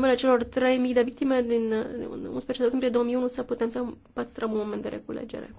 numele celor 3.000 de victime din 11 septembrie 2001 să putem să păstrăm un moment de reculegere.